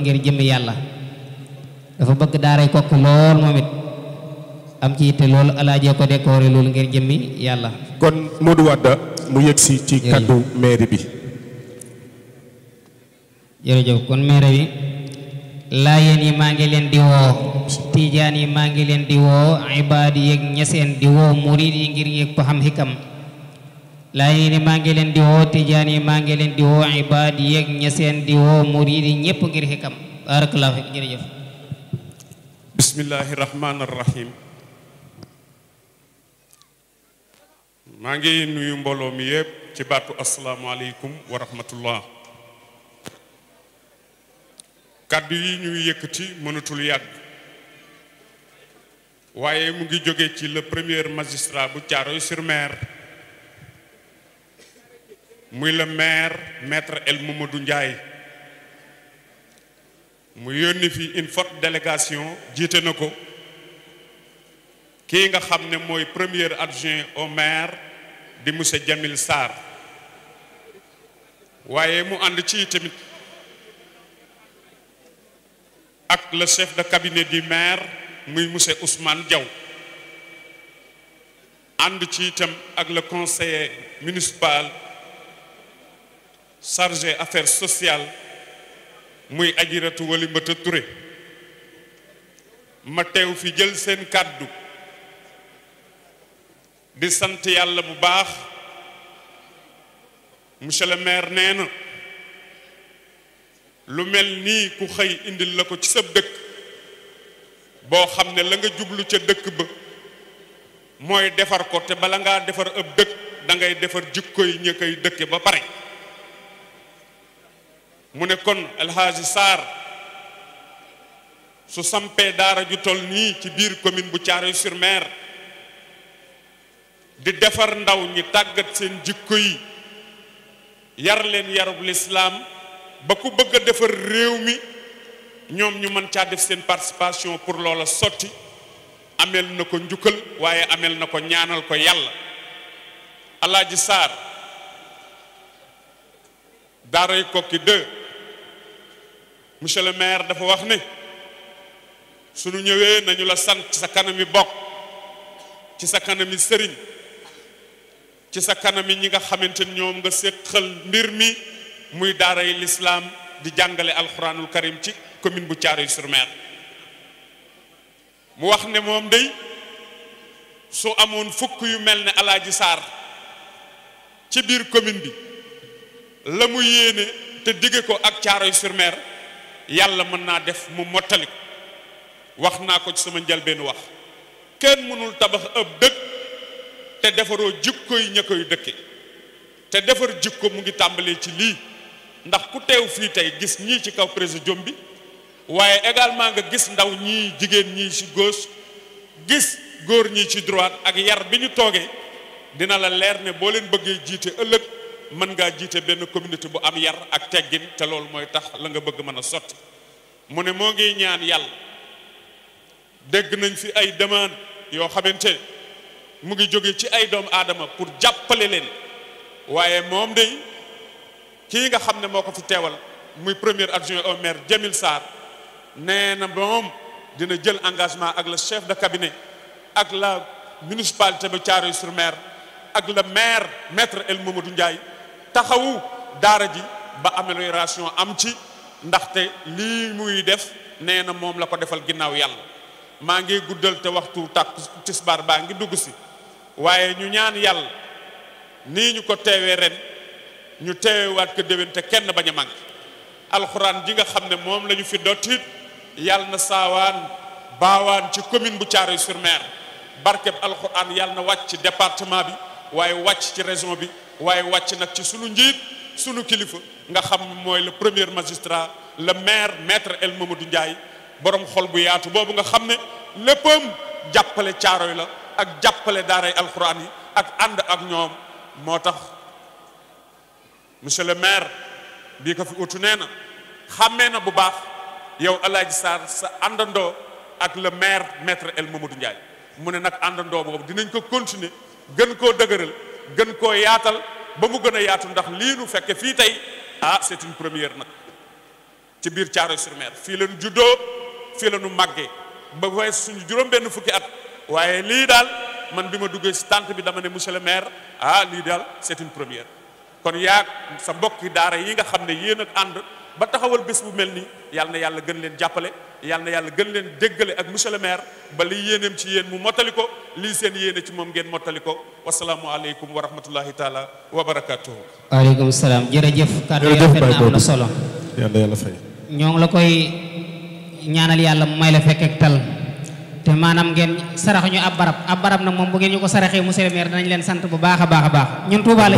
ngir jëmmi yàlla dafa bëgg daaray kokki lool moom am ci yitte loolu alaajee ko décoré loolu ngir jëmmi yàlla kon Modou Wade mu yëgsi ci kaddu maire bi jërëjëf kon maire bi laayeen yi maa ngi leen di tiijaan yi maa ngi leen di woo ibaad ñeseen di woo yi ngir yëg ko xam xikam laayeen yi maa ngi leen di woo tijaan yi maa ngi leen di woo ibaad yeeg ñeseen di woo murid yi ñépp ngir xikam baarakallaahu fik jërëjëf bismillaahi rahmaani rahiim maa ngi nuyu mbooloo mi yépp ci baatu asalaamaaleykum wa rahmatullah kàddu yi ñuy yëkkati mënatul yàgg waaye mu ngi jóge ci le premier magistrat bu Thiaroye sur muy le maire maître El du Ndiaye mu yónni fi une forte délégation jiite na ko kii nga xam ne mooy premier adjoint au maire di monsieur Jamil Sarr waaye mu ànd ci tamit ak le chef de cabinet du maire muy monsieur Ousmane jaw ànd ci itam ak le conseiller municipal chargé affaire sociale muy Adjaratou Oulimata Touré ma teew fi jël seen kàddu di sant yàlla bu baax monsieur le maire nee na lu mel nii ku xëy indil la ko ci sa dëkk boo xam ne la nga jublu ca dëkk ba mooy defar ko te bala ngaa defar ab dëkk da defar jikko yi ña dëkke ba pare mu ne kon alxaaji saar su sampee daara ju toll nii ci biir commune bu thiaroye sur di defar ndaw ñi tàggat seen jikko yi yar leen yarub lislaam ba ku bëgg a defar réew mi ñoom ñu mën caa def seen participation pour loola sotti amel na ko njukkal waaye amel na ko ñaanal ko yàlla alaaji Sarr daaray Koki 2 monsieur le maire dafa wax ne suñu ñëwee nañu la sant sa kanam kanami bokk ci sa kanami sëriñ ci sa kanam kanami ñi nga xamante ni ñoom nga séqal mbir mi muy daara yi lislaam di jàngale alxuraanul karim ci commune bu thiaroye sur mu wax ne moom day soo amoon fukk yu mel ne alaaji saar ci biir commune bi la mu yéene te digge ko ak Thiaroye-sur-Mer yàlla mën naa def mu mottalik wax naa ko ci sama njëlbéenu wax kenn mënul tabax ëpp dëkk te defaroo jikko yi ña koy dëkke te defar ko mu ngi tàmbalee ci lii ndax ku teew fii tey gis ñii ci kaw présidium jombi waaye également nga gis ndaw ñii jigéen ñii ci gauche gis góor ñii ci droit ak yar bi ñu toogee dina la leer ne boo leen bëggee jiite ëllëg mën ngaa jiite benn communauté bu am yar ak teggin te loolu mooy tax la nga bëgg mën a sotti mu ne moo ngi ñaan yàlla dégg nañ fi ay demande yoo xamante mu ngi jóge ci ay doomu aadama pour jàppale leen waaye moom day kii nga xam ne moo ko fi teewal muy premier adjoint au maire Jamil Sarr nee na moom dina jël engagement ak le chef de cabinet ak la municipalité ba Thiaroye sur Mer ak le maire maître El Mamadou Ndiaye taxawu daara ji ba amélioration am ci ndaxte lii muy def nee na moom la ko defal ginnaaw yàlla maa ngi guddal te waxtu tàkk tisbaar baa ngi dugg si waaye ñu ñaan yàlla ni ñu ko teewee ren ñu teewewaat ko déwén te kenn bañ a mànk alxuraan ji nga xam ne moom lañu fi dottit yàlla na saawaan baawaan ci commune bu Thiaroye sur Mer barkeb alxuraan yàlla wàcc ci bi waaye wàcc ci raison bi waaye wàcc nag ci suñu njiit sunu kilifa nga xam mooy le première magistrat le maire maître El Mamadou njaay borom xol bu yaatu boobu nga xam ne léppam jàppale caaroy la ak jàppale daaray alxuraan yi ak ànd ak ñoom moo tax monsieur le maire bii ko fi utu nee na xàmmee na bu baax yow Alaaji Sarr sa àndandoo ak le maire maître El Mamadou njaay mu ne nag àndandoo boobu dinañ ko continuer gën koo dëgëral gën koo yaatal ba mu gën a yaatu ndax lii nu fekke fii tey ah c'est une première nag ci biir thiaroye sur fii leen nu juddoo fii la nu màggee ba waaye suñu juróom-benn fukki at waaye lii daal man bi ma duggee si tànt bi dama ne monsieur le maire ah lii daal c'est une première kon yaa sa mbokki daara yi nga xam ne yéen ak ànd ba taxawal bés bu mel nii yàlla na yàlla gën leen jàppale yàlla yàlla gën leen déggale ak monsieur le maire ba li yéeneem ci yéen mu mottali ko lii seen yéene ci moom ngeen mottali ko wasalaamualeykum wa rahmatullahi taala wa barakaatu. waaleykum salaam jërëjëf. kàddu yi rafet na am na solo. yal na yàlla fay. ñoo ngi la koy ñaanal yàlla mu may la fekk ak tal te maanaam ngeen sarax ñu ab barab ab barab nag moom bu ngeen ñu ko saraxee monsieur le leen sant bu baax a baax a baax ñun Touba la.